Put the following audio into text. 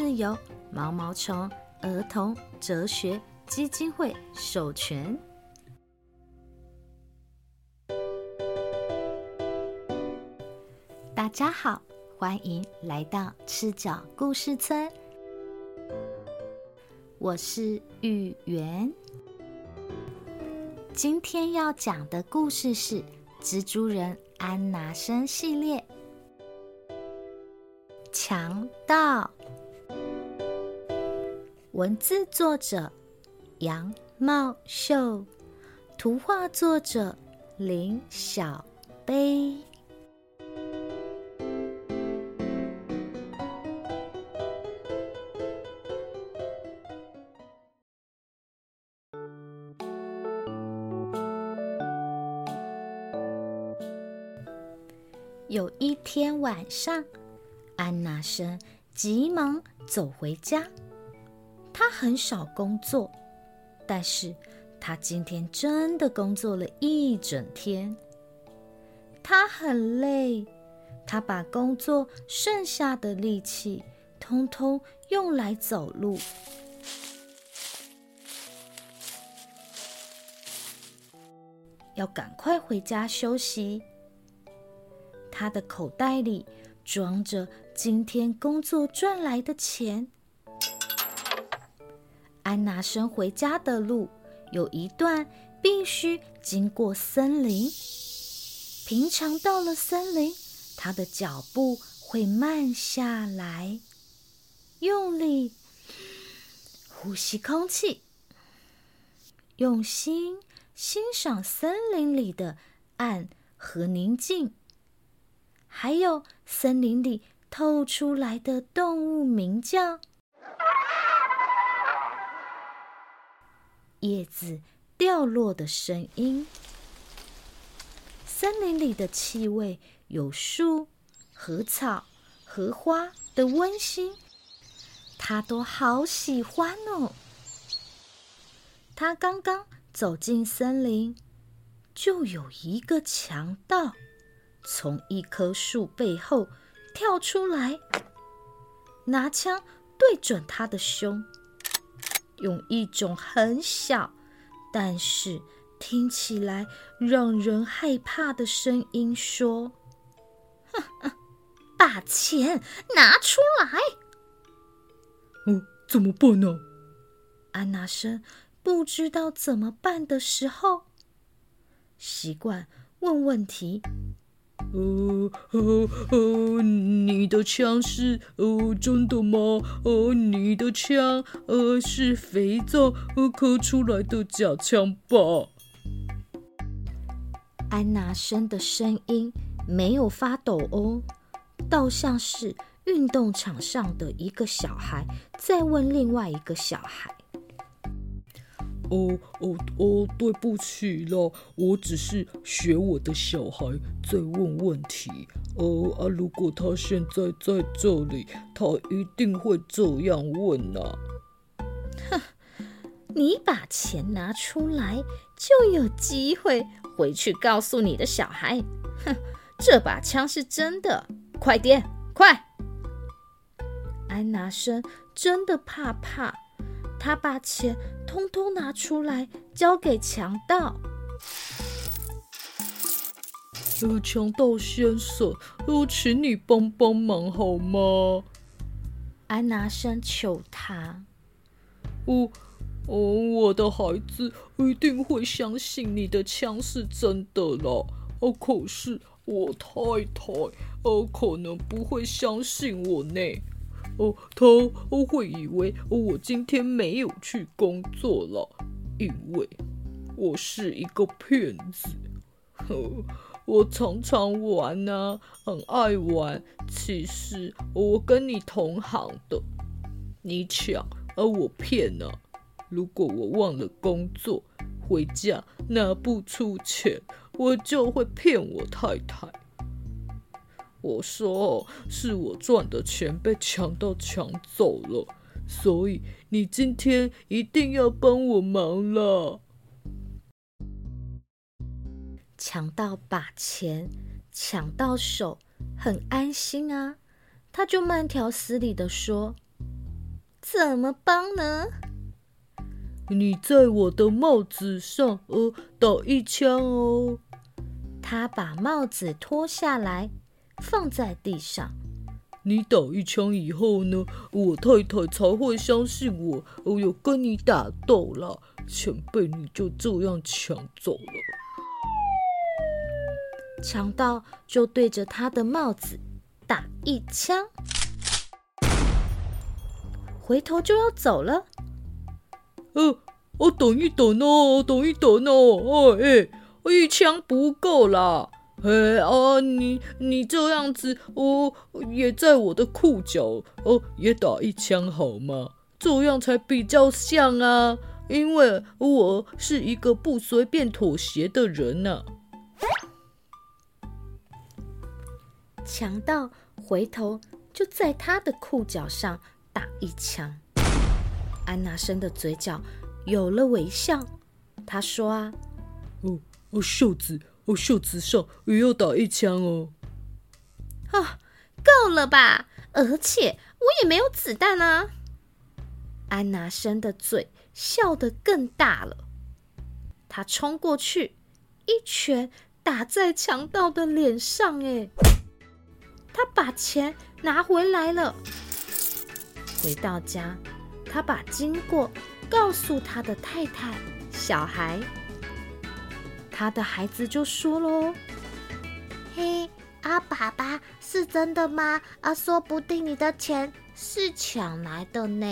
是由毛毛蟲兒童哲學基金會授權。大家好，歡迎來到赤腳故事村，我是玉圓。今天要講的故事是《蜘蛛人安拿生》系列，強盜。文字作者：楊茂秀，圖畫作者：林小杯。 有一天晚上，安拿生急忙走回家。他很少工作，但是他今天真的工作了一整天。他很累，他把工作剩下的力氣通通用來走路，要趕快回家休息。他的口袋裡裝着今天工作賺來的錢。安拿生回家的路有一段必須經過森林。平常到了森林，他的腳步會慢下來，用力呼吸空氣，用心欣賞森林裡的暗和寧靜，還有森林裡透出來的動物鳴叫。葉子掉落的聲音，森林裡的氣味有，有樹和草和花的溫馨，他都好喜歡哦。他剛剛走進森林，就有一個強盜從一棵樹背後跳出來，拿槍對準他的胸。用一種很小，但是聽起來讓人害怕的聲音說：“ 把錢拿出來。”嗯、哦，怎麼辦呢？安拿生不知道怎麼辦的時候，習慣問問題。哦哦哦！你的槍是哦、呃，真的嗎？哦、呃，你的槍呃是肥皂呃摳出來的假槍吧？安拿生的聲音沒有發抖哦，倒像是運動場上的一個小孩在問另外一個小孩。哦哦哦，對不起了，我只是學我的小孩在問問題。哦，啊，如果他現在在這裡，他一定會這樣問吶、啊。哼，你把錢拿出來，就有機會回去告訴你的小孩。哼，這把槍是真的，快點，快！安拿生真的怕怕。他把錢通通拿出來交給強盜。呃、強盜先生，我請你幫幫忙好嗎？安拿生求他。我、哦，嗯、哦，我的孩子一定會相信你的槍是真的了。哦，可是我太太，哦，可能不會相信我呢。哦，他，我會以為我今天沒有去工作了，因為我是一個騙子。呵，我常常玩啊，很愛玩。其實我跟你同行的，你搶，而我騙啊。如果我忘了工作，回家拿不出錢，我就會騙我太太。我說哦：“是我賺的錢被強盜搶走了，所以你今天一定要幫我忙了。強盜把錢”強盜把錢搶到手，很安心啊。他就慢條斯理的說：“怎麼幫呢？你在我的帽子上呃，打一槍哦。”他把帽子脫下來。放在地上。你打一槍以後呢，我太太才會相信我，我有跟你打鬥啦。前輩，你就這樣搶走了。強盜就對着他的帽子打一槍， 回頭就要走了。呃，我等一等哦，我等一等哦，哎、哦、我、欸、一槍不夠啦。哎哦，你你這樣子，哦，也在我的褲腳哦，也打一槍好嗎？這樣才比較像啊，因為我是一個不隨便妥協的人吶、啊。強盜回頭就在他的褲腳上打一槍，安拿生的嘴角有了微笑。他說啊：“哦、嗯、哦，袖子。”我袖子上也要打一槍哦！啊、哦，夠了吧？而且我也沒有子彈啊！安拿生的嘴笑得更大了。他衝過去，一拳打在強盜的臉上。哎，他把錢拿回來了。回到家，他把經過告訴他的太太、小孩。他的孩子就說嘍：“嘿，阿爸爸，是真的嗎？啊，說不定你的錢是搶來的呢。”